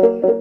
Thank you.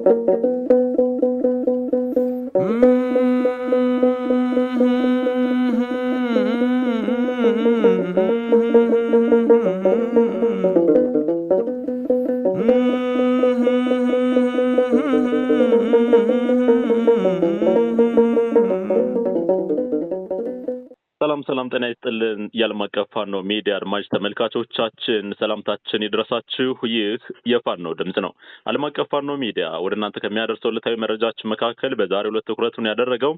የዓለም አቀፍ ፋኖ ሚዲያ አድማጭ ተመልካቾቻችን ሰላምታችን ይድረሳችሁ። ይህ የፋኖ ድምፅ ነው። ዓለም አቀፍ ፋኖ ሚዲያ ወደ እናንተ ከሚያደርሰው ዕለታዊ መረጃችን መካከል በዛሬው ዕለት ትኩረቱን ያደረገው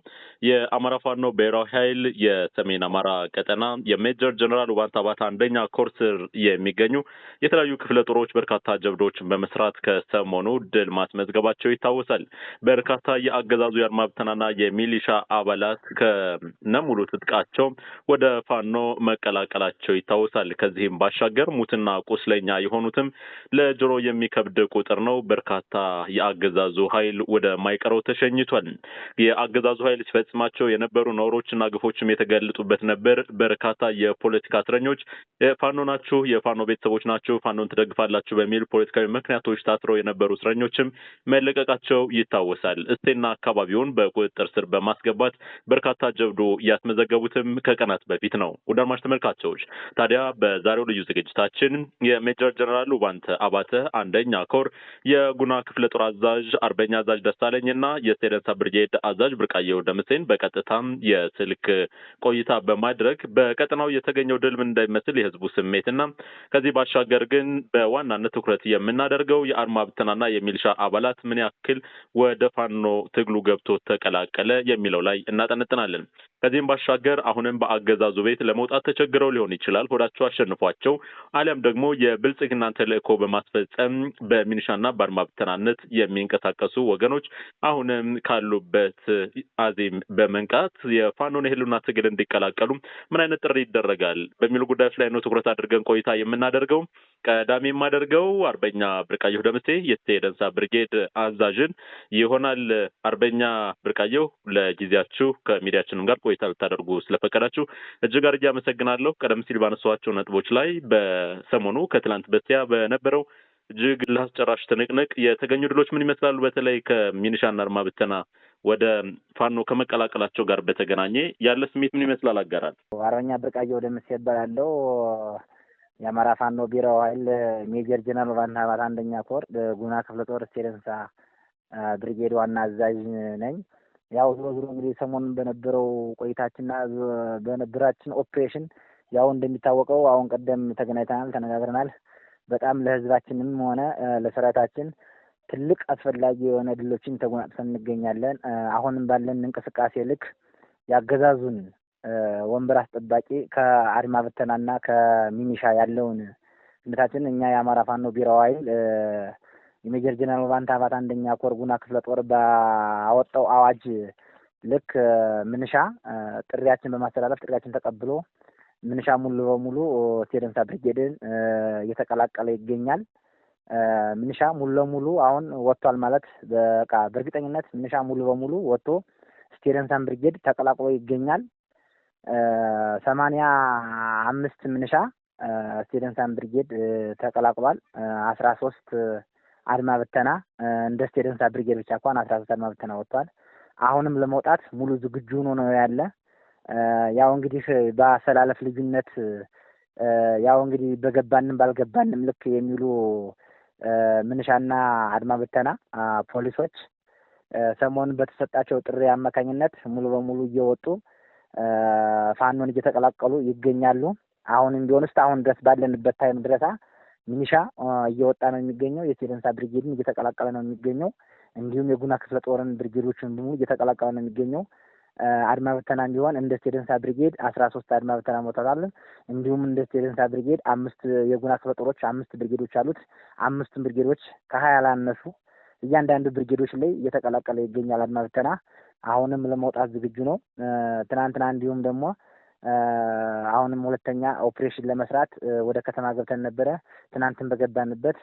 የአማራ ፋኖ ብሔራዊ ኃይል የሰሜን አማራ ቀጠና የሜጀር ጀነራል ውባንታ ባታ አንደኛ ኮርስር የሚገኙ የተለያዩ ክፍለ ጦሮች በርካታ ጀብዶችን በመስራት ከሰሞኑ ድል ማስመዝገባቸው ይታወሳል። በርካታ የአገዛዙ የአድማብተናና የሚሊሻ አባላት ከነሙሉ ትጥቃቸው ወደ ፋኖ መቀላቀላቸው ይታወሳል። ከዚህም ባሻገር ሙትና ቁስለኛ የሆኑትም ለጆሮ የሚከብድ ቁጥር ነው። በርካታ የአገዛዙ ኃይል ወደ ማይቀረው ተሸኝቷል። የአገዛዙ ኃይል ሲፈጽማቸው የነበሩ ነውሮችና ግፎችም የተገለጡበት ነበር። በርካታ የፖለቲካ እስረኞች ፋኖ ናችሁ፣ የፋኖ ቤተሰቦች ናችሁ፣ ፋኖን ትደግፋላችሁ በሚል ፖለቲካዊ ምክንያቶች ታስረው የነበሩ እስረኞችም መለቀቃቸው ይታወሳል። እስቴና አካባቢውን በቁጥጥር ስር በማስገባት በርካታ ጀብዶ ያስመዘገቡትም ከቀናት በፊት ነው። አድማጭ ተመልካቾች ታዲያ በዛሬው ልዩ ዝግጅታችን የሜጀር ጀነራል ውባንተ አባተ አንደኛ ኮር የጉና ክፍለ ጦር አዛዥ አርበኛ አዛዥ ደሳለኝ እና የሴደንሳ ብርጌድ አዛዥ ብርቃየው ደምሴን በቀጥታም የስልክ ቆይታ በማድረግ በቀጠናው የተገኘው ድል ምን እንደሚመስል የህዝቡ ስሜትና ከዚህ ባሻገር ግን በዋናነት ትኩረት የምናደርገው የአድማ ብትናና የሚልሻ አባላት ምን ያክል ወደ ፋኖ ትግሉ ገብቶ ተቀላቀለ የሚለው ላይ እናጠነጥናለን። ከዚህም ባሻገር አሁንም በአገዛዙ ቤት ለመውጣት ተቸግረው ሊሆን ይችላል። ሆዳቸው አሸንፏቸው አሊያም ደግሞ የብልጽግናን ተልእኮ በማስፈጸም በሚኒሻና በአድማ ብተናነት የሚንቀሳቀሱ ወገኖች አሁንም ካሉበት አዚም በመንቃት የፋኖን የህልውና ትግል እንዲቀላቀሉ ምን አይነት ጥሪ ይደረጋል በሚሉ ጉዳዮች ላይ ነው ትኩረት አድርገን ቆይታ የምናደርገው። ቀዳሚ የማደርገው አርበኛ ብርቃየሁ ደምሴ የደንሳ ብርጌድ አዛዥን ይሆናል። አርበኛ ብርቃየሁ ለጊዜያችሁ ከሚዲያችንም ጋር ቆይታ ልታደርጉ ስለፈቀዳችሁ እጅግ አድርጌ አመሰግናለሁ። ቀደም ሲል ባነሷቸው ነጥቦች ላይ በሰሞኑ ከትላንት በስቲያ በነበረው እጅግ ላስጨራሽ ትንቅንቅ የተገኙ ድሎች ምን ይመስላሉ? በተለይ ከሚኒሻና አርማ ብተና ወደ ፋኖ ከመቀላቀላቸው ጋር በተገናኘ ያለ ስሜት ምን ይመስላል? አጋራል። አርበኛ ወደ ምስ ይባላለው የአማራ ፋኖ ቢሮ ኃይል ሜጀር ጀነራል ባንታባት አንደኛ ኮር ጉና ክፍለ ጦር ስቴደንሳ ብሪጌድ ዋና አዛዥ ነኝ። ያው ዞሮ ዞሮ እንግዲህ ሰሞኑን በነበረው ቆይታችንና በነበራችን ኦፕሬሽን ያው እንደሚታወቀው አሁን ቀደም ተገናኝተናል፣ ተነጋግረናል። በጣም ለህዝባችንም ሆነ ለሰራዊታችን ትልቅ አስፈላጊ የሆነ ድሎችን ተጎናጽፈን እንገኛለን። አሁንም ባለን እንቅስቃሴ ልክ ያገዛዙን ወንበር አስጠባቂ ከአድማ ብተናና ከሚኒሻ ያለውን ነታችን እኛ የአማራ ፋኖ ቢሮ ኃይል የሜጀር ጀነራል ባንታ አባት አንደኛ ኮር ጉና ክፍለ ጦር ባወጣው አዋጅ ልክ ምንሻ ጥሪያችን በማስተላለፍ ጥሪያችን ተቀብሎ ምንሻ ሙሉ በሙሉ ቴደምሳ ብርጌድን እየተቀላቀለ ይገኛል። ምንሻ ሙሉ ለሙሉ አሁን ወጥቷል ማለት በቃ በእርግጠኝነት ምንሻ ሙሉ በሙሉ ወጥቶ ስቴደምሳን ብርጌድ ተቀላቅሎ ይገኛል። ሰማንያ አምስት ምንሻ ስቴደንሳን ብርጌድ ተቀላቅሏል። አስራ ሶስት አድማ ብተና እንደ ስቴደንሳ ብርጌድ ብቻ እንኳን አስራ ሶስት አድማ ብተና ወጥቷል። አሁንም ለመውጣት ሙሉ ዝግጁ ሆኖ ነው ያለ። ያው እንግዲህ በአሰላለፍ ልዩነት ያው እንግዲህ በገባንም ባልገባንም ልክ የሚሉ ምንሻና አድማ ብተና ፖሊሶች ሰሞኑን በተሰጣቸው ጥሪ አማካኝነት ሙሉ በሙሉ እየወጡ ፋኖን እየተቀላቀሉ ይገኛሉ። አሁንም ቢሆን ውስጥ አሁን ድረስ ባለንበት ታይም ድረሳ ሚኒሻ እየወጣ ነው የሚገኘው። የሲደንሳ ብሪጌድን እየተቀላቀለ ነው የሚገኘው። እንዲሁም የጉና ክፍለ ጦርን ብሪጌዶችን በሙሉ እየተቀላቀለ ነው የሚገኘው። አድማ ብተናም ቢሆን እንደ ስቴደንሳ ብሪጌድ አስራ ሶስት አድማ በተና ሞታታለን። እንዲሁም እንደ ስቴደንሳ ብሪጌድ አምስት የጉና ክፍለ ጦሮች አምስት ብሪጌዶች አሉት። አምስቱን ብሪጌዶች ከሀያ ላነሱ እያንዳንዱ ብርጌዶች ላይ እየተቀላቀለ ይገኛል። አድማ አሁንም ለመውጣት ዝግጁ ነው። ትናንትና እንዲሁም ደግሞ አሁንም ሁለተኛ ኦፕሬሽን ለመስራት ወደ ከተማ ገብተን ነበረ። ትናንትን በገባንበት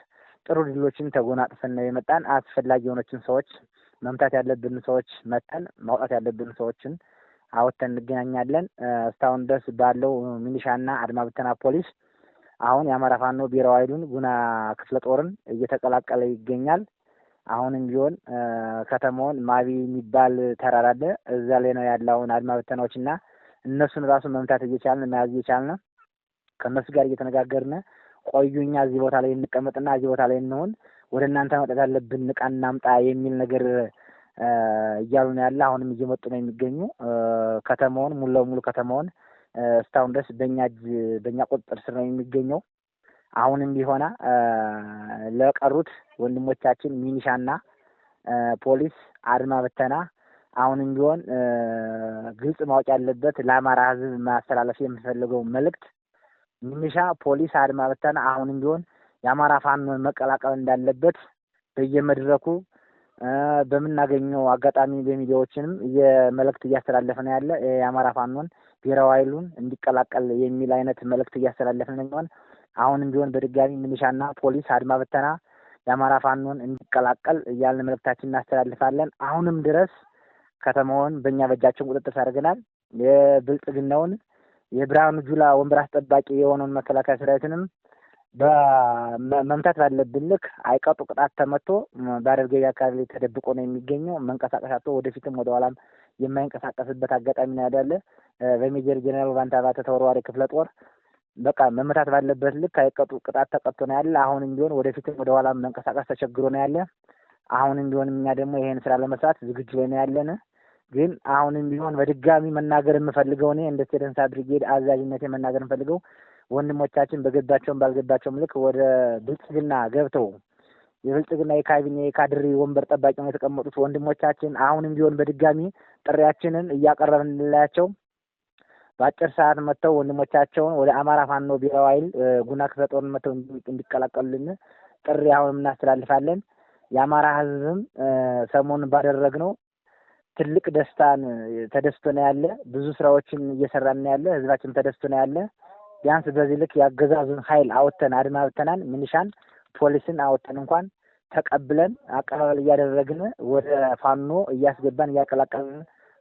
ጥሩ ድሎችን ተጎናጥፈን ነው የመጣን። አስፈላጊ የሆነችን ሰዎች መምታት ያለብን ሰዎች መጠን ማውጣት ያለብን ሰዎችን አወተን እንገናኛለን። እስካሁን ድረስ ባለው ሚኒሻና አድማ ብተና ፖሊስ አሁን የአማራ ፋኖ ብሔራዊ ኃይሉን ጉና ክፍለ ጦርን እየተቀላቀለ ይገኛል። አሁንም ቢሆን ከተማውን ማቢ የሚባል ተራራ አለ። እዛ ላይ ነው ያለውን አድማ በተናዎች እና እነሱን ራሱ መምታት እየቻልን መያዝ እየቻልን ከእነሱ ጋር እየተነጋገርን ቆዩ፣ እኛ እዚህ ቦታ ላይ እንቀመጥና እዚህ ቦታ ላይ እንሆን፣ ወደ እናንተ መጠት ያለብን ዕቃ እናምጣ የሚል ነገር እያሉ ነው ያለ። አሁንም እየመጡ ነው የሚገኙ። ከተማውን ሙሉ ለሙሉ ከተማውን እስካሁን ድረስ በእኛ በእኛ ቁጥጥር ስር ነው የሚገኘው። አሁንም ቢሆና ለቀሩት ወንድሞቻችን ሚኒሻና ፖሊስ፣ አድማ በተና አሁንም ቢሆን ግልጽ ማወቅ ያለበት ለአማራ ሕዝብ ማስተላለፍ የምፈልገው መልእክት ሚኒሻ፣ ፖሊስ፣ አድማ በተና አሁንም ቢሆን የአማራ ፋኖን መቀላቀል እንዳለበት በየመድረኩ በምናገኘው አጋጣሚ በሚዲያዎችንም የመልእክት እያስተላለፍ ነው ያለ የአማራ ፋኖን ብሔራዊ ኃይሉን እንዲቀላቀል የሚል አይነት መልእክት እያስተላለፍ ነው አሁንም ቢሆን በድጋሚ ምንሻና ፖሊስ አድማ በተና የአማራ ፋኖን እንዲቀላቀል እያልን መልእክታችን እናስተላልፋለን። አሁንም ድረስ ከተማውን በእኛ በእጃችን ቁጥጥር አድርገናል። የብልጽግናውን የብርሃኑ ጁላ ወንበር አስጠባቂ የሆነውን መከላከያ ሰራዊትንም በመምታት ባለብን ልክ አይቀጡ ቅጣት ተመቶ በአደርገ አካባቢ ላይ ተደብቆ ነው የሚገኘው። መንቀሳቀስ አጥቶ ወደፊትም ወደኋላም የማይንቀሳቀስበት አጋጣሚ ነው ያዳለ በሜጀር ጀኔራል ባንታ ተወርዋሪ ክፍለ ጦር በቃ መመታት ባለበት ልክ አይቀጡ ቅጣት ተቀጥቶ ነው ያለ። አሁንም ቢሆን ወደፊትም ወደኋላ መንቀሳቀስ ተቸግሮ ነው ያለ። አሁንም ቢሆን እኛ ደግሞ ይሄን ስራ ለመስራት ዝግጁ ላይ ነው ያለን። ግን አሁንም ቢሆን በድጋሚ መናገር የምፈልገው እኔ እንደ ስቴደንስ ብርጌድ አዛዥነት መናገር የምፈልገው ወንድሞቻችን በገባቸውም ባልገባቸውም ልክ ወደ ብልጽግና ገብተው የብልጽግና የካቢኔ የካድሬ ወንበር ጠባቂ ነው የተቀመጡት ወንድሞቻችን አሁንም ቢሆን በድጋሚ ጥሪያችንን እያቀረብንላቸው በአጭር ሰዓት መጥተው ወንድሞቻቸውን ወደ አማራ ፋኖ ብሔራዊ ኃይል ጉና ክፍለ ጦርን መጥተው እንዲቀላቀሉልን ጥሪ አሁን እናስተላልፋለን። የአማራ ህዝብም ሰሞኑን ባደረግነው ትልቅ ደስታን ተደስቶ ነው ያለ። ብዙ ስራዎችን እየሰራን ነው ያለ። ህዝባችን ተደስቶ ነው ያለ። ቢያንስ በዚህ ልክ ያገዛዙን ኃይል አወጥተን አድማ ብተናን፣ ምንሻን፣ ፖሊስን አወጥተን እንኳን ተቀብለን አቀባበል እያደረግን ወደ ፋኖ እያስገባን እያቀላቀልን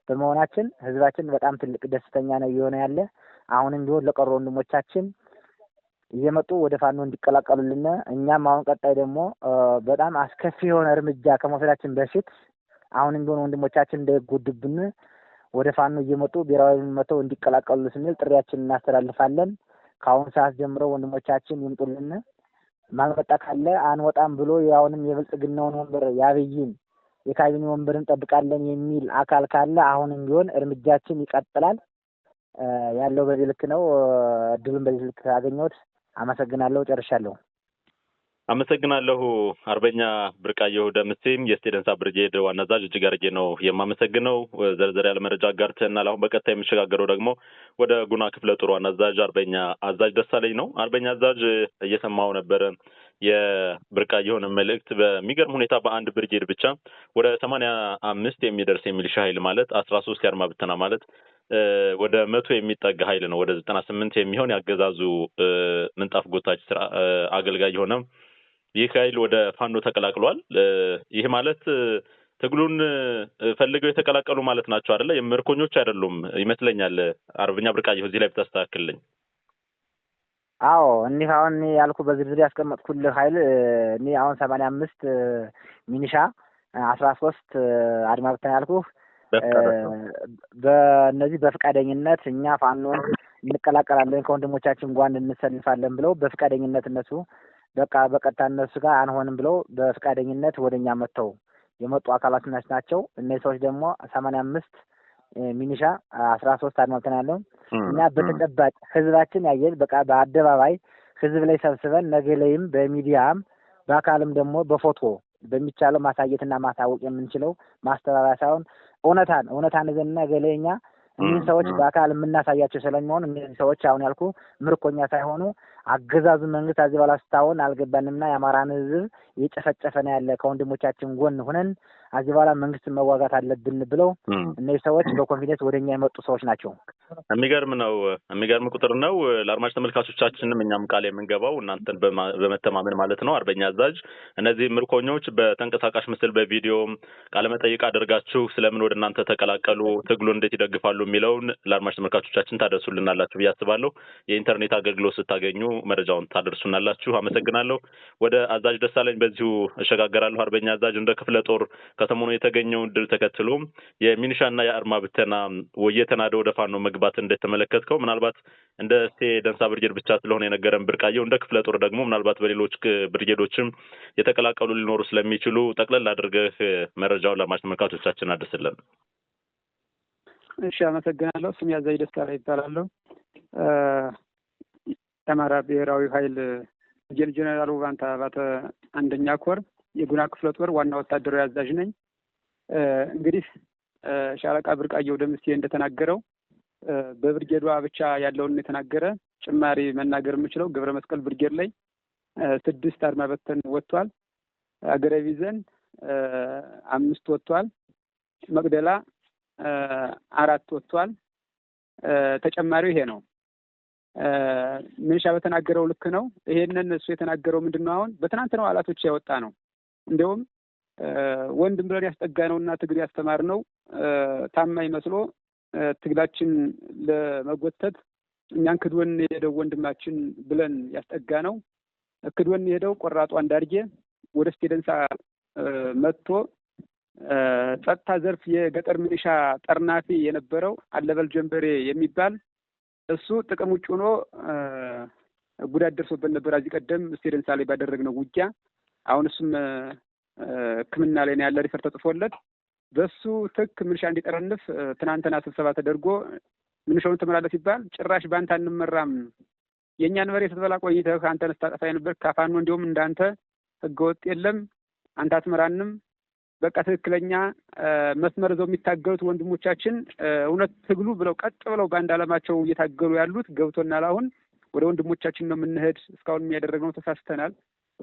በመሆናችን ህዝባችን በጣም ትልቅ ደስተኛ ነው እየሆነ ያለ። አሁንም ቢሆን ለቀሩ ወንድሞቻችን እየመጡ ወደ ፋኖ እንዲቀላቀሉልን እኛም አሁን ቀጣይ ደግሞ በጣም አስከፊ የሆነ እርምጃ ከመውሰዳችን በፊት አሁንም ቢሆን ወንድሞቻችን እንዳይጎድብን ወደ ፋኖ እየመጡ ብሔራዊ መተው እንዲቀላቀሉ ስንል ጥሪያችን እናስተላልፋለን። ከአሁን ሰዓት ጀምሮ ወንድሞቻችን ይምጡልን። ማልመጣ ካለ አንወጣም ብሎ ያውንም የብልጽግናውን ወንበር ያብይን የካቢኔ ወንበር እንጠብቃለን የሚል አካል ካለ አሁንም ቢሆን እርምጃችን ይቀጥላል። ያለው በዚህ ልክ ነው። እድሉን በዚህ ልክ አገኘሁት። አመሰግናለሁ። ጨርሻለሁ። አመሰግናለሁ። አርበኛ ብርቃየሁ ደምሴም የስቴደንሳ ብርጌድ ዋና አዛዥ፣ እጅግ አድርጌ ነው የማመሰግነው። ዘርዘር ያለ መረጃ አጋርተናል። አሁን በቀጥታ የምሸጋገረው ደግሞ ወደ ጉና ክፍለ ጦር ዋና አዛዥ አርበኛ አዛዥ ደሳለኝ ነው። አርበኛ አዛዥ እየሰማው ነበረ የብርቃ የሆነ መልእክት በሚገርም ሁኔታ በአንድ ብርጌድ ብቻ ወደ ሰማንያ አምስት የሚደርስ የሚሊሻ ኃይል ማለት አስራ ሶስት የአድማ ብተና ማለት ወደ መቶ የሚጠጋ ኃይል ነው። ወደ ዘጠና ስምንት የሚሆን ያገዛዙ ምንጣፍ ጎታች ስራ አገልጋይ የሆነ ይህ ኃይል ወደ ፋኖ ተቀላቅሏል። ይህ ማለት ትግሉን ፈልገው የተቀላቀሉ ማለት ናቸው አደለ? ምርኮኞች አይደሉም ይመስለኛል። አርበኛ ብርቃየሁ እዚህ ላይ ብታስተካክልልኝ። አዎ እኒህ አሁን እኔ ያልኩህ በዝርዝር ያስቀመጥኩልህ ኃይል እኔ አሁን ሰማንያ አምስት ሚኒሻ አስራ ሶስት አድማ ያልኩ ያልኩህ በእነዚህ በፍቃደኝነት እኛ ፋኖን እንቀላቀላለን ከወንድሞቻችን ጓን እንሰልፋለን ብለው በፍቃደኝነት እነሱ በቃ በቀጥታ እነሱ ጋር አንሆንም ብለው በፍቃደኝነት ወደ እኛ መጥተው የመጡ አካላት ናቸው። እነዚህ ሰዎች ደግሞ ሰማንያ አምስት ሚኒሻ አስራ ሶስት አድማልተናል ያለው እና በተጨባጭ ህዝባችን ያየን በቃ በአደባባይ ህዝብ ላይ ሰብስበን ነገ ላይም በሚዲያም በአካልም ደግሞ በፎቶ በሚቻለው ማሳየትና ማሳወቅ የምንችለው ማስተባበያ ሳይሆን እውነታን እውነታን ዘንና ገለኛ እኒህን ሰዎች በአካል የምናሳያቸው ስለሚሆን እነዚህ ሰዎች አሁን ያልኩ ምርኮኛ ሳይሆኑ አገዛዙ መንግስት አዚህ ባላስታውን አልገባንምና የአማራን ህዝብ እየጨፈጨፈ ነው ያለ ከወንድሞቻችን ጎን ሆነን አዚህ በኋላ መንግስትን መዋጋት አለብን ብለው እነዚህ ሰዎች በኮንፊደንስ ወደ እኛ የመጡ ሰዎች ናቸው። የሚገርም ነው። የሚገርም ቁጥር ነው። ለአድማጭ ተመልካቾቻችንም እኛም ቃል የምንገባው እናንተን በመተማመን ማለት ነው። አርበኛ አዛዥ፣ እነዚህ ምርኮኞች በተንቀሳቃሽ ምስል በቪዲዮ ቃለመጠይቅ አድርጋችሁ ስለምን ወደ እናንተ ተቀላቀሉ፣ ትግሉ እንዴት ይደግፋሉ የሚለውን ለአድማጭ ተመልካቾቻችን ታደርሱልናላችሁ ብዬ አስባለሁ። የኢንተርኔት አገልግሎት ስታገኙ መረጃውን ታደርሱናላችሁ። አመሰግናለሁ። ወደ አዛዥ ደሳለኝ በዚሁ እሸጋገራለሁ። አርበኛ አዛዥ እንደ ክፍለ ጦር ከሰሞኑ የተገኘውን ድል ተከትሎ የሚኒሻና የአርማ ብተና ወየተናደ ወደ ፋኖ መግባት እንደተመለከትከው ምናልባት እንደ ስቴ ደንሳ ብርጌድ ብቻ ስለሆነ የነገረን ብርቃየው እንደ ክፍለ ጦር ደግሞ ምናልባት በሌሎች ብርጌዶችም የተቀላቀሉ ሊኖሩ ስለሚችሉ ጠቅለል አድርገህ መረጃውን ለማች ተመልካቾቻችን አድርስልን። እሺ፣ አመሰግናለሁ። ስም አዛዥ ደስታ ላይ ይባላለሁ። የአማራ ብሔራዊ ኃይል ጀን ጀነራል ውባንታ ባተ አንደኛ ኮር የጉና ክፍለ ጦር ዋና ወታደራዊ አዛዥ ነኝ። እንግዲህ ሻለቃ ብርቃየው ደምስቴ እንደተናገረው በብርጌዷ ብቻ ያለውን የተናገረ ጭማሪ መናገር የምችለው ገብረ መስቀል ብርጌድ ላይ ስድስት አድማ በተን ወጥቷል። አገረ ቢዘን አምስት ወጥቷል። መቅደላ አራት ወጥቷል። ተጨማሪው ይሄ ነው። ምንሻ በተናገረው ልክ ነው። ይሄንን እሱ የተናገረው ምንድን ነው? አሁን ነው አላቶች ያወጣ ነው። እንዲሁም ወንድም ብለን ያስጠጋ ነው እና ትግል ያስተማር ነው ታማኝ መስሎ ትግላችን ለመጎተት እኛን ክድወን የሄደው ወንድማችን ብለን ያስጠጋ ነው። ክድወን የሄደው ቆራጧ አንዳርጌ ወደ ስቴደንሳ መጥቶ ጸጥታ ዘርፍ የገጠር ምንሻ ጠርናፊ የነበረው አለበል ጀንበሬ የሚባል እሱ ጥቅም ውጭ ሆኖ ጉዳት ደርሶበት ነበር። አዚህ ቀደም ስቴደንሳ ላይ ባደረግነው ውጊያ አሁን እሱም ሕክምና ላይ ነው ያለ ሪፈር ተጽፎለት በሱ ትክ ምንሻ እንዲጠረንፍ ትናንትና ስብሰባ ተደርጎ ምንሻውን ትመራለህ ሲባል ጭራሽ በአንተ አንመራም፣ የእኛን መሬት ስትበላ ቆይተህ አንተን ስታጠፋ የነበር ካፋኖ እንዲሁም እንዳንተ ህገወጥ የለም አንተ አትመራንም፣ በቃ ትክክለኛ መስመር ይዘው የሚታገሉት ወንድሞቻችን እውነት ትግሉ ብለው ቀጥ ብለው በአንድ ዓላማቸው እየታገሉ ያሉት ገብቶናል። አሁን ወደ ወንድሞቻችን ነው የምንሄድ። እስካሁን የሚያደረግነው ተሳስተናል፣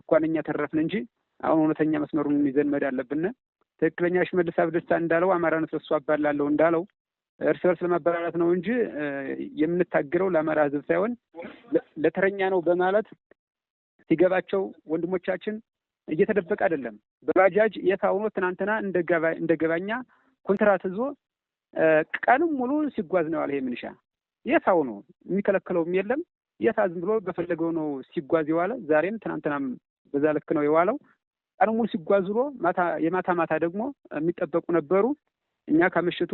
እንኳን እኛ ተረፍን እንጂ አሁን እውነተኛ መስመሩን ይዘን አለብን። ትክክለኛ ሽመልስ አብዲሳ እንዳለው አማራን ስለሱ አባላለሁ እንዳለው እርስ በርስ ለማበላላት ነው እንጂ የምንታገለው ለአማራ ሕዝብ ሳይሆን ለተረኛ ነው በማለት ሲገባቸው ወንድሞቻችን እየተደበቀ አይደለም። በባጃጅ የት ትናንትና እንደ ገባኛ ኮንትራት ይዞ ቀንም ሙሉ ሲጓዝ ነው ያለ። ይሄ ምንሻ የት አሁኖ የሚከለክለውም የለም። የታ ዝም ብሎ በፈለገው ነው ሲጓዝ የዋለ። ዛሬም ትናንትናም በዛ ልክ ነው የዋለው። ቀን ሙሉ ሲጓዝ ብሎ የማታ ማታ ደግሞ የሚጠበቁ ነበሩ። እኛ ከምሽቱ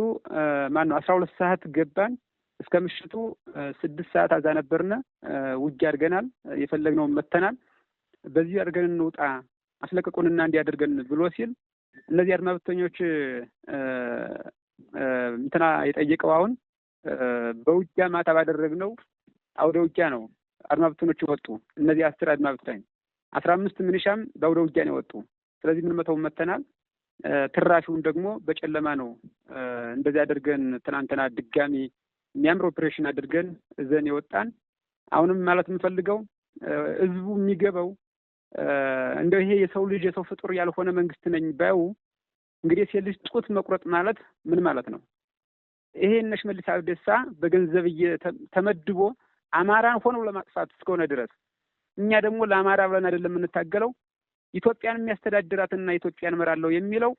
ማነው አስራ ሁለት ሰዓት ገባን እስከ ምሽቱ ስድስት ሰዓት አዛ ነበርነ። ውጊ አድርገናል። የፈለግነውን መተናል። በዚህ አድርገን እንውጣ አስለቅቁንና እንዲያደርገን ብሎ ሲል እነዚህ አድማ ብተኞች እንትና የጠየቀው አሁን በውጊያ ማታ ባደረግነው አውደ ውጊያ ነው። አድማ ወጡ። እነዚህ አስር አድማ ብተኝ አስራ አምስት ምንሻም በአውደ ውጊያ ነው የወጡ። ስለዚህ ምን መተውን መተናል። ትራፊውን ደግሞ በጨለማ ነው እንደዚህ አድርገን ትናንትና ድጋሚ የሚያምር ኦፕሬሽን አድርገን እዘን የወጣን። አሁንም ማለት የምፈልገው ህዝቡ የሚገባው እንደው ይሄ የሰው ልጅ የሰው ፍጡር ያልሆነ መንግስት ነኝ ባዩ እንግዲህ የሴት ልጅ ጡት መቁረጥ ማለት ምን ማለት ነው? ይሄ እነ ሽመልስ አብዲሳ በገንዘብ ተመድቦ አማራን ሆነው ለማጥፋት እስከሆነ ድረስ እኛ ደግሞ ለአማራ ብለን አይደለም የምንታገለው። ኢትዮጵያን የሚያስተዳድራትና ኢትዮጵያን እመራለሁ የሚለው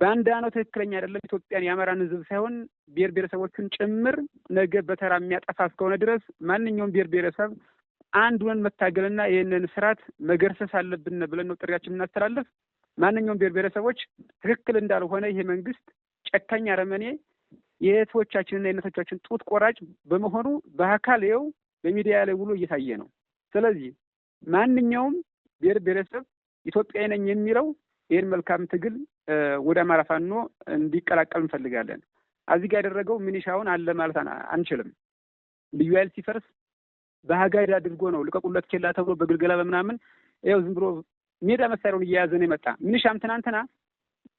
በአንድ አኖ ትክክለኛ አይደለም። ኢትዮጵያን የአማራን ህዝብ ሳይሆን ብሔር ብሔረሰቦችን ጭምር ነገ በተራ የሚያጠፋ እስከሆነ ድረስ ማንኛውም ብሔር ብሔረሰብ አንድ ሆነን መታገልና ይህንን ስርዓት መገርሰስ አለብን ብለን ነው ጥሪያችን እናስተላለፍ። ማንኛውም ብሔር ብሔረሰቦች ትክክል እንዳልሆነ ይሄ መንግስት ጨካኝ አረመኔ የእህቶቻችንና የእናቶቻችን ጡት ቆራጭ በመሆኑ በአካል ይኸው በሚዲያ ላይ ውሎ እየታየ ነው። ስለዚህ ማንኛውም ብሔር ብሔረሰብ ኢትዮጵያዊ ነኝ የሚለው ይህን መልካም ትግል ወደ አማራ ፋኖ እንዲቀላቀል እንፈልጋለን። አዚጋ ያደረገው ሚኒሻውን አለ ማለት አንችልም። ልዩ ኃይል ሲፈርስ በሀጋይድ አድርጎ ነው ልቀቁለት ኬላ ተብሎ በግልገላ በምናምን ያው ዝም ብሎ ሜዳ መሳሪያውን እየያዘ ነው የመጣ። ምንሻም ትናንትና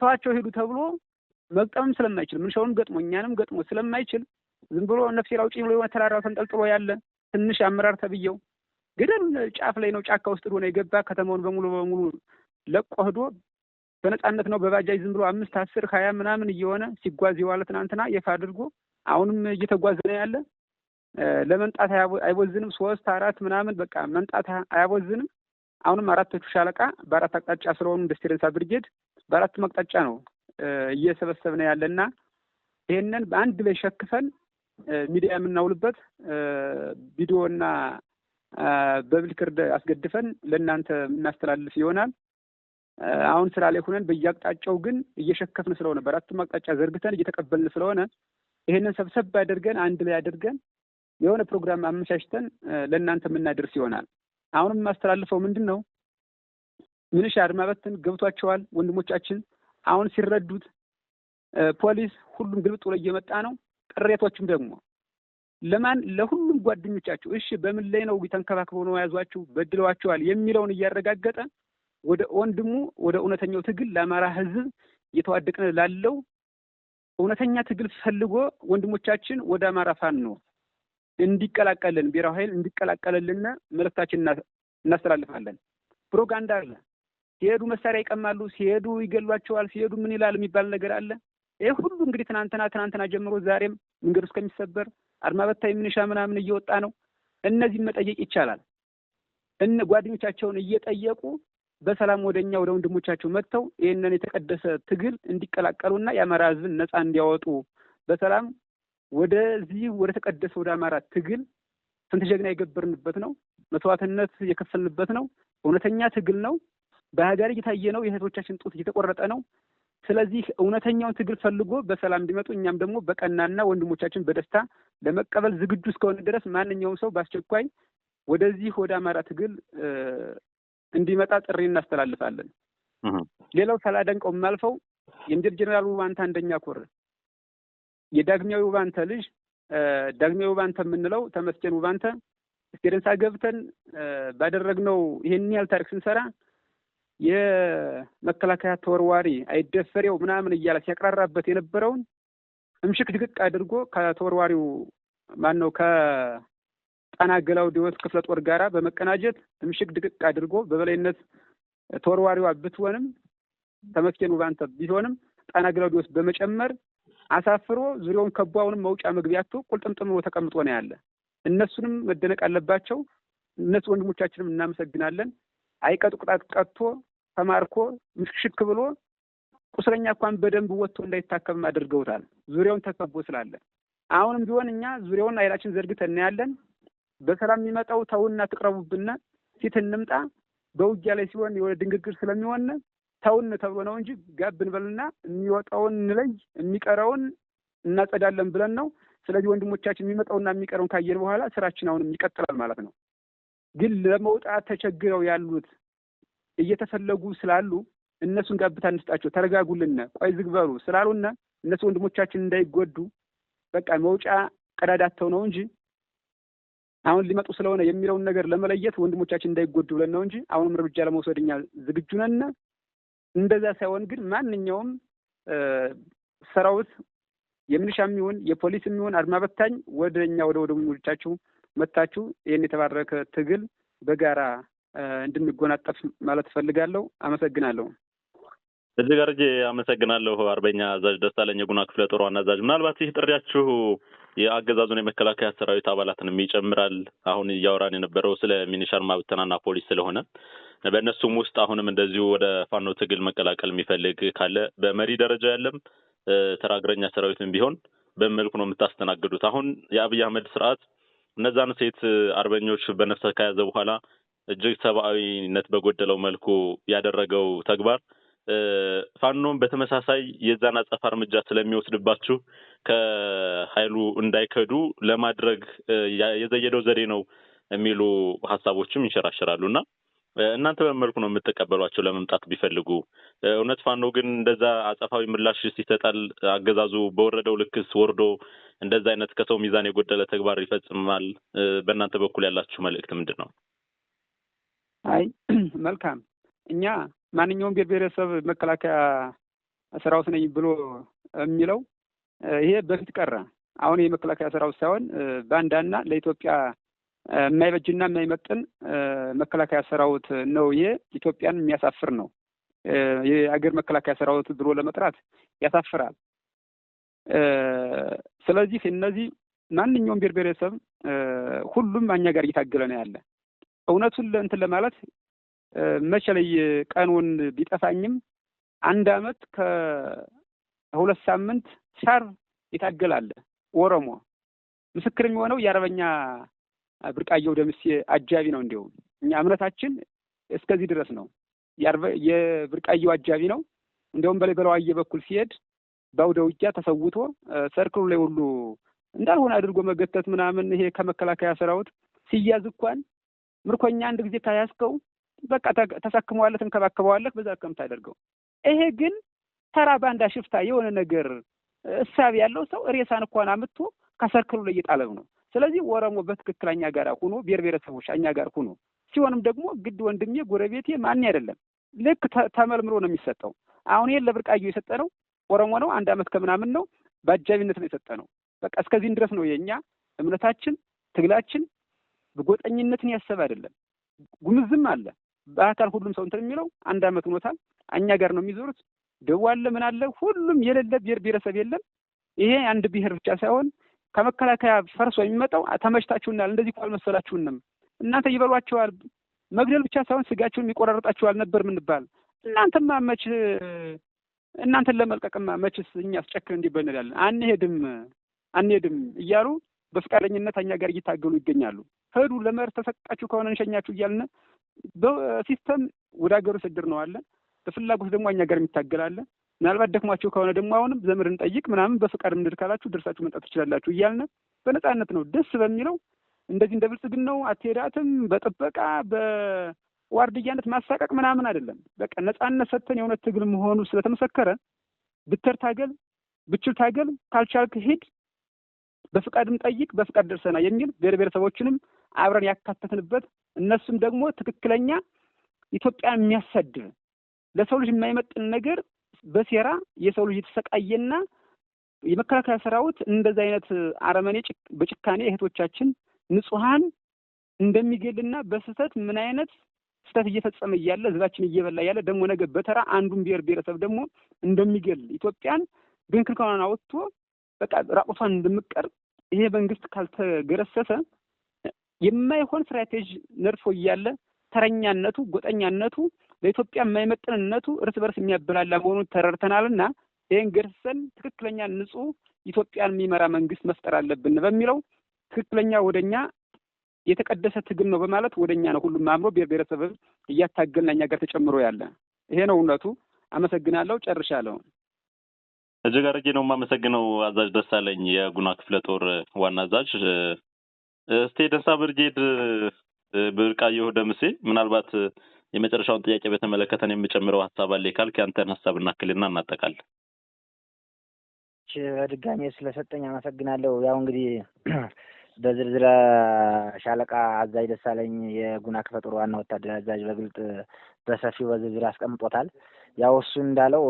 ተዋቸው ሄዱ ተብሎ መቅጠምም ስለማይችል ምንሻውንም ገጥሞ እኛንም ገጥሞ ስለማይችል ዝም ብሎ ነፍሴ ላውጪ ብሎ ተራራው ተንጠልጥሎ ያለ ትንሽ አመራር ተብየው ገደል ጫፍ ላይ ነው ጫካ ውስጥ ሆነ የገባ ከተማውን በሙሉ በሙሉ ለቆ ህዶ በነፃነት ነው በባጃጅ ዝም ብሎ አምስት አስር ሀያ ምናምን እየሆነ ሲጓዝ የዋለ ትናንትና የፋ አድርጎ አሁንም እየተጓዘ ነው ያለ። ለመምጣት አይቦዝንም። ሶስት አራት ምናምን በቃ መምጣት አያቦዝንም። አሁንም አራቶቹ ሻለቃ በአራት አቅጣጫ ስለሆኑ ኢንዱስትሪንሳ ብርጌድ በአራቱም አቅጣጫ ነው እየሰበሰብን ያለና ይህንን በአንድ ላይ ሸክፈን ሚዲያ የምናውልበት ቪዲዮና በብልክርድ አስገድፈን ለእናንተ የምናስተላልፍ ይሆናል። አሁን ስራ ላይ ሆነን በየአቅጣጫው ግን እየሸከፍን ስለሆነ በአራቱም አቅጣጫ ዘርግተን እየተቀበልን ስለሆነ ይህንን ሰብሰብ አድርገን አንድ ላይ አድርገን የሆነ ፕሮግራም አመቻችተን ለእናንተ የምናደርስ ይሆናል። አሁንም የማስተላልፈው ምንድን ነው፣ ምንሽ አድማበትን ገብቷቸዋል ወንድሞቻችን። አሁን ሲረዱት ፖሊስ ሁሉም ግልብጥ ብሎ እየመጣ ነው። ቅሬቶችም ደግሞ ለማን ለሁሉም ጓደኞቻቸው እሺ፣ በምን ላይ ነው ተንከባክቦ ነው የያዟችሁ በድለዋቸዋል የሚለውን እያረጋገጠ ወደ ወንድሙ ወደ እውነተኛው ትግል ለአማራ ሕዝብ እየተዋደቅን ላለው እውነተኛ ትግል ፈልጎ ወንድሞቻችን ወደ አማራ ፋኖ እንዲቀላቀልን ብሔራዊ ኃይል እንዲቀላቀልልና መልእክታችን እናስተላልፋለን። ፕሮጋንዳ አለ። ሲሄዱ መሳሪያ ይቀማሉ፣ ሲሄዱ ይገሏቸዋል፣ ሲሄዱ ምን ይላል የሚባል ነገር አለ። ይህ ሁሉ እንግዲህ ትናንትና ትናንትና ጀምሮ ዛሬም መንገዱ እስከሚሰበር አድማ በታ የምንሻ ምናምን እየወጣ ነው። እነዚህም መጠየቅ ይቻላል። እነ ጓደኞቻቸውን እየጠየቁ በሰላም ወደኛ ወደ ወንድሞቻቸው መጥተው ይህንን የተቀደሰ ትግል እንዲቀላቀሉና የአማራ ህዝብን ነፃ እንዲያወጡ በሰላም ወደዚህ ወደ ተቀደሰ ወደ አማራ ትግል ስንት ጀግና የገበርንበት ነው። መስዋዕትነት የከፈልንበት ነው። እውነተኛ ትግል ነው። በሀገር እየታየ ነው። የእህቶቻችን ጡት እየተቆረጠ ነው። ስለዚህ እውነተኛውን ትግል ፈልጎ በሰላም እንዲመጡ እኛም ደግሞ በቀናና ወንድሞቻችን በደስታ ለመቀበል ዝግጁ እስከሆነ ድረስ ማንኛውም ሰው በአስቸኳይ ወደዚህ ወደ አማራ ትግል እንዲመጣ ጥሪ እናስተላልፋለን። ሌላው ሳላደንቀው የማልፈው የሜጀር ጀኔራል ዋንታ አንደኛ ኮር የዳግማዊ ውባንተ ልጅ ዳግማዊ ውባንተ የምንለው ተመስገን ውባንተ ስቴደንሳ ገብተን ባደረግነው ይሄን ያህል ታሪክ ስንሰራ የመከላከያ ተወርዋሪ አይደፈሬው ምናምን እያለ ሲያቅራራበት የነበረውን እምሽክ ድግቅ አድርጎ ከተወርዋሪው ማን ነው ከጣና ገላውዴዎስ ክፍለ ጦር ጋራ በመቀናጀት እምሽክ ድግቅ አድርጎ በበላይነት ተወርዋሪዋ ብትሆንም ተመስገን ውባንተ ቢሆንም ጣና ገላውዴዎስ በመጨመር አሳፍሮ ዙሪያውን ከቦ አሁንም መውጫ መግቢያቱ ቁልጥምጥም ተቀምጦ ነው ያለ። እነሱንም መደነቅ አለባቸው። እነሱ ወንድሞቻችንም እናመሰግናለን። አይቀጡ ቅጣት ቀጥቶ ተማርኮ ምሽክሽክ ብሎ ቁስለኛ እንኳን በደንብ ወጥቶ እንዳይታከምም አድርገውታል። ዙሪያውን ተከቦ ስላለ አሁንም ቢሆን እኛ ዙሪያውን ኃይላችን ዘርግተን እናያለን። በሰላም የሚመጣው ተውና ትቅረቡብና ፊት እንምጣ። በውጊያ ላይ ሲሆን የሆነ ድንግግር ስለሚሆን ተውን ተብሎ ነው እንጂ ጋብ እንበልና የሚወጣውን እንለይ፣ የሚቀረውን እናጸዳለን ብለን ነው። ስለዚህ ወንድሞቻችን የሚመጣውና የሚቀረውን ካየን በኋላ ስራችን አሁንም ይቀጥላል ማለት ነው። ግን ለመውጣት ተቸግረው ያሉት እየተፈለጉ ስላሉ እነሱን ጋብታ እንስጣቸው፣ ተረጋጉልን፣ ቆይ ዝግበሩ ስላሉና እነሱ ወንድሞቻችን እንዳይጎዱ በቃ መውጫ ቀዳዳተው ነው እንጂ አሁን ሊመጡ ስለሆነ የሚለውን ነገር ለመለየት ወንድሞቻችን እንዳይጎዱ ብለን ነው እንጂ አሁንም እርምጃ ለመውሰድ እኛ ዝግጁ ነን። እንደዛ ሳይሆን ግን ማንኛውም ሰራዊት የሚሊሻ የሚሆን የፖሊስ የሚሆን አድማ በታኝ ወደ እኛ ወደ ወደኞቻችሁ መታችሁ ይህን የተባረከ ትግል በጋራ እንድንጎናጠፍ ማለት እፈልጋለሁ። አመሰግናለሁ። እዚህ ጋር እጄ አመሰግናለሁ። አርበኛ አዛዥ ደሳለኝ የጉና ክፍለ ጦር ዋና አዛዥ፣ ምናልባት ይህ ጥሪያችሁ የአገዛዙን የመከላከያ ሰራዊት አባላትንም ይጨምራል። አሁን እያወራን የነበረው ስለ ሚኒሻ አድማ ብተናና ፖሊስ ስለሆነ በእነሱም ውስጥ አሁንም እንደዚሁ ወደ ፋኖ ትግል መቀላቀል የሚፈልግ ካለ በመሪ ደረጃ ያለም ተራግረኛ ሰራዊትም ቢሆን በመልኩ ነው የምታስተናግዱት። አሁን የአብይ አህመድ ስርዓት እነዛን ሴት አርበኞች በነፍሰ ከያዘ በኋላ እጅግ ሰብአዊነት በጎደለው መልኩ ያደረገው ተግባር ፋኖም በተመሳሳይ የዛን አጸፋ እርምጃ ስለሚወስድባችሁ ከኃይሉ እንዳይከዱ ለማድረግ የዘየደው ዘዴ ነው የሚሉ ሀሳቦችም ይንሸራሸራሉ እና እናንተ በምን መልኩ ነው የምትቀበሏቸው? ለመምጣት ቢፈልጉ እውነት ፋኖ ግን እንደዛ አጸፋዊ ምላሽ ይሰጣል? አገዛዙ በወረደው ልክስ ወርዶ እንደዛ አይነት ከሰው ሚዛን የጎደለ ተግባር ይፈጽማል? በእናንተ በኩል ያላችሁ መልእክት ምንድን ነው? አይ መልካም። እኛ ማንኛውም ብሔር ብሔረሰብ መከላከያ ሰራዊት ነኝ ብሎ የሚለው ይሄ በፊት ቀረ። አሁን የመከላከያ ሰራዊት ሳይሆን ባንዳና ለኢትዮጵያ የማይበጅና የማይመጥን መከላከያ ሰራዊት ነው። ይሄ ኢትዮጵያን የሚያሳፍር ነው። የአገር መከላከያ ሰራዊት ብሎ ለመጥራት ያሳፍራል። ስለዚህ እነዚህ ማንኛውም ብሔር ብሔረሰብ ሁሉም አኛ ጋር እየታገለ ነው ያለ እውነቱን ለእንትን ለማለት መቼ ላይ ቀኑን ቢጠፋኝም አንድ አመት ከሁለት ሳምንት ሳር ይታገላለ ኦሮሞ ምስክር የሚሆነው የአርበኛ ብርቃየሁ ደምሴ አጃቢ ነው። እንዲሁም እኛ እምነታችን እስከዚህ ድረስ ነው። የብርቃየው አጃቢ ነው። እንደውም በለዋየ በኩል ሲሄድ በአውደ ውጊያ ተሰውቶ ሰርክሉ ላይ ሁሉ እንዳልሆነ አድርጎ መገተት ምናምን ይሄ ከመከላከያ ሰራዊት ሲያዝ እንኳን ምርኮኛ አንድ ጊዜ ካያዝከው በቃ ተሳክመዋለህ፣ ትንከባከበዋለህ፣ በዛ ከምታደርገው ይሄ ግን ተራ ባንዳ ሽፍታ የሆነ ነገር እሳቢ ያለው ሰው ሬሳን እንኳን አምጥቶ ከሰርክሉ ላይ እየጣለው ነው። ስለዚህ ኦሮሞ በትክክል እኛ ጋር ሁኖ ብሔር ብሔረሰቦች እኛ ጋር ሁኖ ሲሆንም ደግሞ ግድ ወንድሜ ጎረቤቴ ማን አይደለም ልክ ተመልምሎ ነው የሚሰጠው። አሁን ይሄን ለብርቃዩ የሰጠ ነው ኦሮሞ ነው አንድ አመት ከምናምን ነው በአጃቢነት ነው የሰጠ ነው። በቃ እስከዚህን ድረስ ነው የእኛ እምነታችን ትግላችን። ጎጠኝነትን ያሰብ አይደለም። ጉምዝም አለ በአካል ሁሉም ሰው እንትን የሚለው አንድ አመት ሆኖታል። እኛ ጋር ነው የሚዞሩት። ደቡብ አለ ምን አለ ሁሉም የሌለ ብሔር ብሔረሰብ የለም። ይሄ አንድ ብሔር ብቻ ሳይሆን ከመከላከያ ፈርሶ የሚመጣው ተመችታችሁናል፣ እንደዚህ እኮ አልመሰላችሁንም፣ እናንተ ይበሏቸዋል፣ መግደል ብቻ ሳይሆን ስጋችሁን ይቆራረጣችኋል ነበር ምንባል። እናንተማ መች እናንተን ለመልቀቅማ መችስ እኛ አስጨክን እንዲህ በንላለን፣ አንሄድም፣ አንሄድም እያሉ በፍቃደኝነት እኛ ጋር እየታገሉ ይገኛሉ። ሄዱ ለመር ተሰቃችሁ ከሆነ እንሸኛችሁ እያልን በሲስተም ወደ ሀገሩ ስድር ነው አለ። በፍላጎት ደግሞ እኛ ጋር የሚታገል ምናልባት ደክሟቸው ከሆነ ደግሞ አሁንም ዘምር እንጠይቅ ምናምን በፍቃድ ምንድር ካላችሁ ደርሳችሁ መምጣት ትችላላችሁ እያልነ በነፃነት ነው ደስ በሚለው እንደዚህ እንደ ነው አትሄዳትም በጥበቃ በዋርድያነት ማሳቀቅ ምናምን አይደለም። በቃ ነፃነት ሰጥተን የእውነት ትግል መሆኑ ስለተመሰከረ ብትር ታገል፣ ብችል ታገል፣ ካልቻልክ ሂድ፣ በፍቃድም ጠይቅ፣ በፍቃድ ደርሰና የሚል ብሔር ብሔረሰቦችንም አብረን ያካተትንበት እነሱም ደግሞ ትክክለኛ ኢትዮጵያን የሚያሳድብ ለሰው ልጅ የማይመጥን ነገር በሴራ የሰው ልጅ የተሰቃየና የመከላከያ ሰራዊት እንደዚህ አይነት አረመኔ በጭካኔ እህቶቻችን ንጹሐን እንደሚገልና በስህተት ምን አይነት ስህተት እየፈጸመ እያለ ህዝባችን እየበላ እያለ ደግሞ ነገ በተራ አንዱን ብሔር ብሔረሰብ ደግሞ እንደሚገል ኢትዮጵያን ድንክርካኗን አወጥቶ በቃ ራቁቷን እንደምቀር ይሄ መንግስት ካልተገረሰሰ የማይሆን ስትራቴጂ ነድፎ እያለ ተረኛነቱ፣ ጎጠኛነቱ ለኢትዮጵያ የማይመጥንነቱ እርስ በርስ የሚያበላላ መሆኑን ተረድተናልና ይህን ገርሰን ትክክለኛ ንጹህ ኢትዮጵያን የሚመራ መንግስት መፍጠር አለብን በሚለው ትክክለኛ ወደኛ የተቀደሰ ትግል ነው በማለት ወደኛ ነው ሁሉም አምሮ ብሔር ብሔረሰብ እያታገልና እኛ ጋር ተጨምሮ ያለ ይሄ ነው እውነቱ። አመሰግናለሁ። ጨርሻለሁ። እጅግ አድርጌ ነው የማመሰግነው አዛዥ ደሳለኝ የጉና ክፍለ ጦር ዋና አዛዥ። እስቲ ደንሳ ብርጌድ ብርቃየሁ ደምሴ ምናልባት የመጨረሻውን ጥያቄ በተመለከተን የምጨምረው ሀሳብ አለ ካልክ ያንተን ሀሳብ እናክልና እናጠቃል በድጋሜ ስለሰጠኝ አመሰግናለሁ። ያው እንግዲህ በዝርዝረ ሻለቃ አዛዥ ደሳለኝ የጉና ከፈጥሮ ዋና ወታደር አዛዥ በግልጥ በሰፊው በዝርዝር አስቀምጦታል። ያው እሱ እንዳለው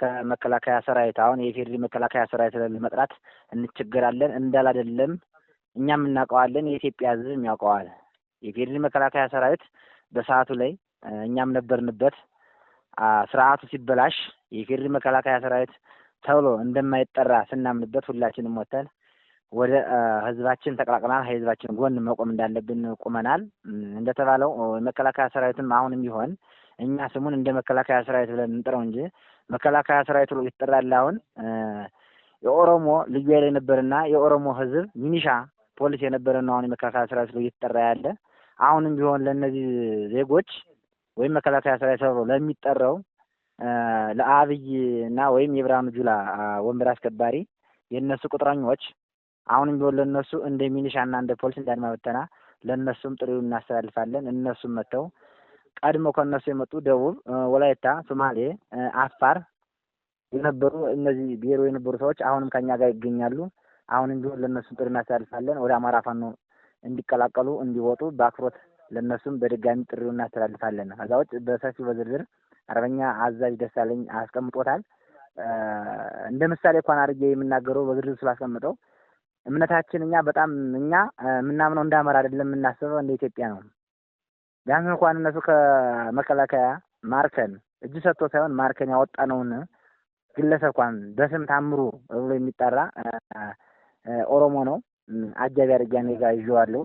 ከመከላከያ ሰራዊት አሁን የኢፌድሪ መከላከያ ሰራዊት ለመጥራት እንቸገራለን እንዳላደለም እኛም እናውቀዋለን፣ የኢትዮጵያ ሕዝብም ያውቀዋል። የፌዴራል መከላከያ ሰራዊት በሰዓቱ ላይ እኛም ነበርንበት። ስርዓቱ ሲበላሽ የፌዴራል መከላከያ ሰራዊት ተብሎ እንደማይጠራ ስናምንበት ሁላችንም ወተን ወደ ህዝባችን ተቀላቅለናል። ህዝባችን ጎን መቆም እንዳለብን ቁመናል። እንደተባለው መከላከያ ሰራዊትም አሁንም ቢሆን እኛ ስሙን እንደ መከላከያ ሰራዊት ብለን እንጥረው እንጂ መከላከያ ሰራዊት ብሎ ይጠራል። አሁን የኦሮሞ ልዩ ኃይል የነበርና የኦሮሞ ህዝብ ሚኒሻ ፖሊስ የነበረ ነው አሁን የመከላከያ ስራ ብሎ እየተጠራ ያለ። አሁንም ቢሆን ለእነዚህ ዜጎች ወይም መከላከያ ስራ የሰሩ ለሚጠራው ለአብይ እና ወይም የብርሃኑ ጁላ ወንበር አስከባሪ የእነሱ ቁጥረኞች አሁንም ቢሆን ለእነሱ እንደ ሚኒሻ እና እንደ ፖሊስ እንዳድማ በተና ለእነሱም ጥሪ እናስተላልፋለን። እነሱም መጥተው ቀድሞ ከእነሱ የመጡ ደቡብ፣ ወላይታ፣ ሶማሌ፣ አፋር የነበሩ እነዚህ ብሔሩ የነበሩ ሰዎች አሁንም ከኛ ጋር ይገኛሉ። አሁንም ቢሆን ለእነሱም ጥሪ እናስተላልፋለን። ወደ አማራ ፋኖ እንዲቀላቀሉ እንዲወጡ በአክብሮት ለእነሱም በድጋሚ ጥሪው እናስተላልፋለን። ከዛ ውጭ በሰፊው በዝርዝር አርበኛ አዛዥ ደሳለኝ አስቀምጦታል። እንደ ምሳሌ እንኳን አድርጌ የምናገረው በዝርዝር ስላስቀምጠው እምነታችን እኛ በጣም እኛ የምናምነው እንደ አማራ አይደለም የምናስበው እንደ ኢትዮጵያ ነው። ቢያንስ እንኳን እነሱ ከመከላከያ ማርከን እጅ ሰጥቶ ሳይሆን ማርከን ያወጣነውን ግለሰብ እንኳን በስም ታምሩ ብሎ የሚጠራ ኦሮሞ ነው። አጃቢ አድርጌ እኔ ጋር ይዤዋለሁ።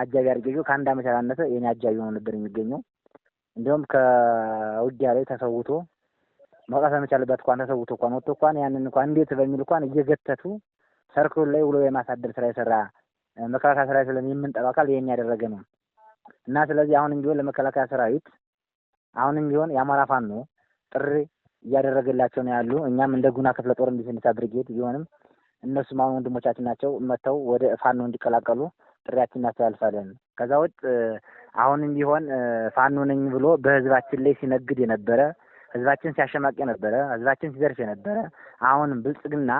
አጃቢ አድርጌ ከአንድ አመት ያላነሰ የኔ አጃቢ ሆኖ ነበር የሚገኘው። እንዲሁም ከውጊያ ላይ ተሰውቶ መውጣት በመቻልበት እንኳን ተሰውቶ እንኳን ወጥቶ እንኳን ያንን እንኳን እንዴት በሚል እንኳን እየገተቱ ሰርክሉ ላይ ውሎ የማሳደር ስራ የሰራ መከላከያ ሰራዊት ስለምንጠራው አካል ይህን ያደረገ ነው እና ስለዚህ አሁንም ቢሆን ለመከላከያ ሰራዊት አሁንም ቢሆን የአማራ ፋኖ ጥሪ እያደረገላቸው ነው ያሉ። እኛም እንደ ጉና ክፍለ ጦር እንዲህ ብርጌድ ቢሆንም እነሱም አሁን ወንድሞቻችን ናቸው። መጥተው ወደ ፋኖ እንዲቀላቀሉ ጥሪያችን እናስተላልፋለን። ከዛ ውጭ አሁንም ቢሆን ፋኖ ነኝ ብሎ በህዝባችን ላይ ሲነግድ የነበረ ህዝባችን ሲያሸማቅ የነበረ ህዝባችን ሲዘርፍ የነበረ አሁንም ብልጽግና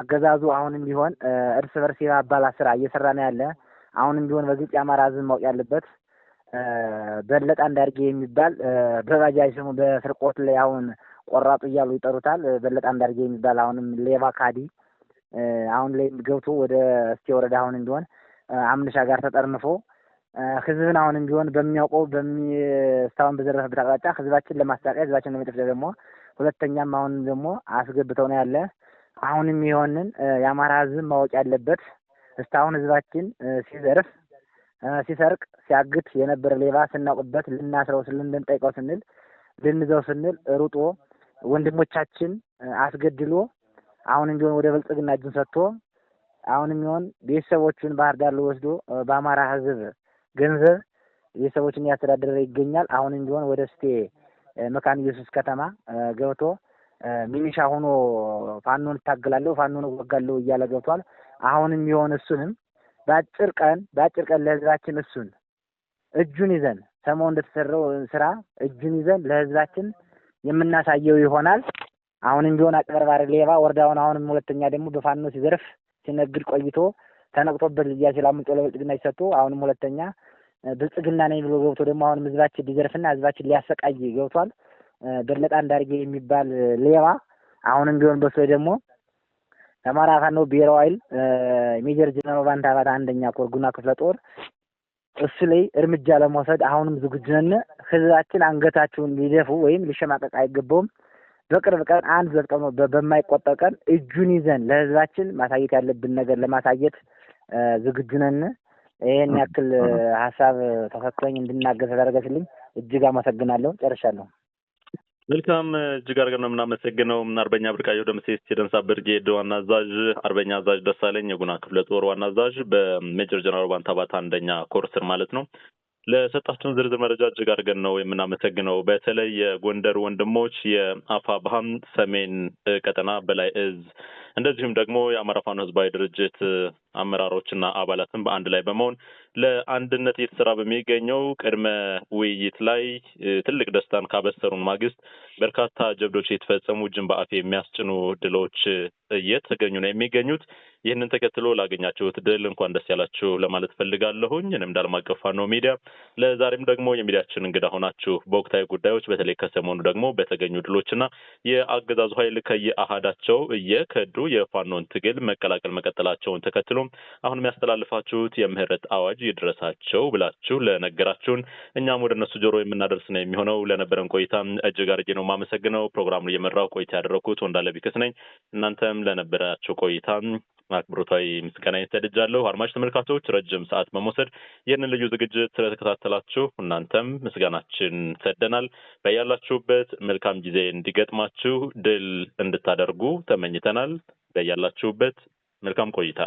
አገዛዙ አሁንም ቢሆን እርስ በርስ የማባላት ስራ እየሰራ ነው ያለ። አሁንም ቢሆን በግልጽ የአማራ ህዝብ ማወቅ ያለበት በለጣ እንዳርጌ የሚባል በባጃጅ ስሙ በስርቆት ላይ አሁን ቆራጡ እያሉ ይጠሩታል። በለጠ አንዳርጌ የሚባል አሁንም ሌባ ካዲ አሁን ላይ ገብቶ ወደ እስቴ ወረዳ አሁንም ቢሆን አምንሻ ጋር ተጠርንፎ ህዝብን አሁንም ቢሆን በሚያውቀው እስካሁን በዘረፈበት አቅጣጫ ህዝባችን ለማስታቀ ህዝባችን ለመጨፍጨፍ ደግሞ ሁለተኛም አሁን ደግሞ አስገብተው ነው ያለ። አሁንም ይሆንን የአማራ ህዝብ ማወቅ ያለበት እስታሁን ህዝባችን ሲዘርፍ፣ ሲሰርቅ፣ ሲያግት የነበረ ሌባ ስናውቅበት ልናስረው ስል ልንጠይቀው ስንል ልንዘው ስንል ሩጦ ወንድሞቻችን አስገድሎ አሁንም ቢሆን ወደ ብልጽግና እጁን ሰጥቶ አሁንም ቢሆን ቤተሰቦቹን ባህር ዳር ወስዶ በአማራ ህዝብ ገንዘብ ቤተሰቦችን እያስተዳደረ ይገኛል። አሁንም ቢሆን ወደ ስቴ መካን ኢየሱስ ከተማ ገብቶ ሚኒሻ ሆኖ ፋኖን እታገላለሁ ፋኖን እወጋለሁ እያለ ገብቷል። አሁንም ቢሆን እሱንም በአጭር ቀን በአጭር ቀን ለህዝባችን እሱን እጁን ይዘን ሰሞኑን እንደተሰራው ስራ እጁን ይዘን ለህዝባችን የምናሳየው ይሆናል። አሁንም ቢሆን አጭበርባሪ ሌባ ወረዳውን አሁንም ሁለተኛ ደግሞ በፋኖ ሲዘርፍ ሲነግድ ቆይቶ ተነቅቶበት ልያ ሲላምጦ ለብልጽግና ሲሰጡ አሁንም ሁለተኛ ብልጽግና ነኝ ብሎ ገብቶ ደግሞ አሁንም ህዝባችን ሊዘርፍና ህዝባችን ሊያሰቃይ ገብቷል። በለጣ እንዳርጌ የሚባል ሌባ አሁንም ቢሆን በሱ ደግሞ ተማራፋ ነው ብሔራዊ ኃይል ሜጀር ጀነራል ባንታባት አንደኛ ኮር ጉና ክፍለ ጦር እሱ ላይ እርምጃ ለመውሰድ አሁንም ዝግጁ ነን። ህዝባችን አንገታቸውን ሊደፉ ወይም ሊሸማቀቅ አይገባውም። በቅርብ ቀን አንድ ሁለት በማይቆጠር ቀን እጁን ይዘን ለህዝባችን ማሳየት ያለብን ነገር ለማሳየት ዝግጁ ነን። ይህን ያክል ሀሳብ ተሰጥቶኝ እንድናገር ተደረገችልኝ እጅግ አመሰግናለሁ። ጨርሻለሁ። መልካም እጅግ አድርገን ነው የምናመሰግነው። አርበኛ ብርቃዮ ደምሴ ስቴደንሳ ብርጌድ ዋና አዛዥ፣ አርበኛ አዛዥ ደሳለኝ የጉና ክፍለ ጦር ዋና አዛዥ በሜጀር ጀነራል ባንታባት አንደኛ ኮርስር ማለት ነው ለሰጣችሁን ዝርዝር መረጃ እጅግ አድርገን ነው የምናመሰግነው። በተለይ የጎንደር ወንድሞች የአፋ ባህም ሰሜን ቀጠና በላይ እዝ እንደዚሁም ደግሞ የአማራ ፋኖ ህዝባዊ ድርጅት አመራሮችና አባላትን በአንድ ላይ በመሆን ለአንድነት እየተሰራ በሚገኘው ቅድመ ውይይት ላይ ትልቅ ደስታን ካበሰሩን ማግስት በርካታ ጀብዶች የተፈጸሙ ጅን በአፍ የሚያስጭኑ ድሎች እየተገኙ ነው የሚገኙት። ይህንን ተከትሎ ላገኛችሁት ድል እንኳን ደስ ያላችሁ ለማለት ፈልጋለሁኝ። እኔም እንዳለም አቀፍ ፋኖ ሚዲያ ለዛሬም ደግሞ የሚዲያችን እንግዳ ሆናችሁ በወቅታዊ ጉዳዮች በተለይ ከሰሞኑ ደግሞ በተገኙ ድሎችና የአገዛዙ ኃይል ከየአሃዳቸው እየከዱ የፋኖን ትግል መቀላቀል መቀጠላቸውን ተከትሎ አሁን የሚያስተላልፋችሁት የምህረት አዋጅ ይድረሳቸው ብላችሁ ለነገራችሁን እኛም ወደ እነሱ ጆሮ የምናደርስ ነው የሚሆነው። ለነበረን ቆይታ እጅግ አድርጌ ነው የማመሰግነው። ፕሮግራሙን እየመራው ቆይታ ያደረኩት ወንዳለ ቢክስ ነኝ። እናንተም ለነበራቸው ቆይታ አክብሮታዊ ምስጋና ይሰድጃለሁ። አድማጭ ተመልካቾች ረጅም ሰዓት በመውሰድ ይህንን ልዩ ዝግጅት ስለተከታተላችሁ እናንተም ምስጋናችን ሰደናል። በያላችሁበት መልካም ጊዜ እንዲገጥማችሁ ድል እንድታደርጉ ተመኝተናል። በያላችሁበት መልካም ቆይታ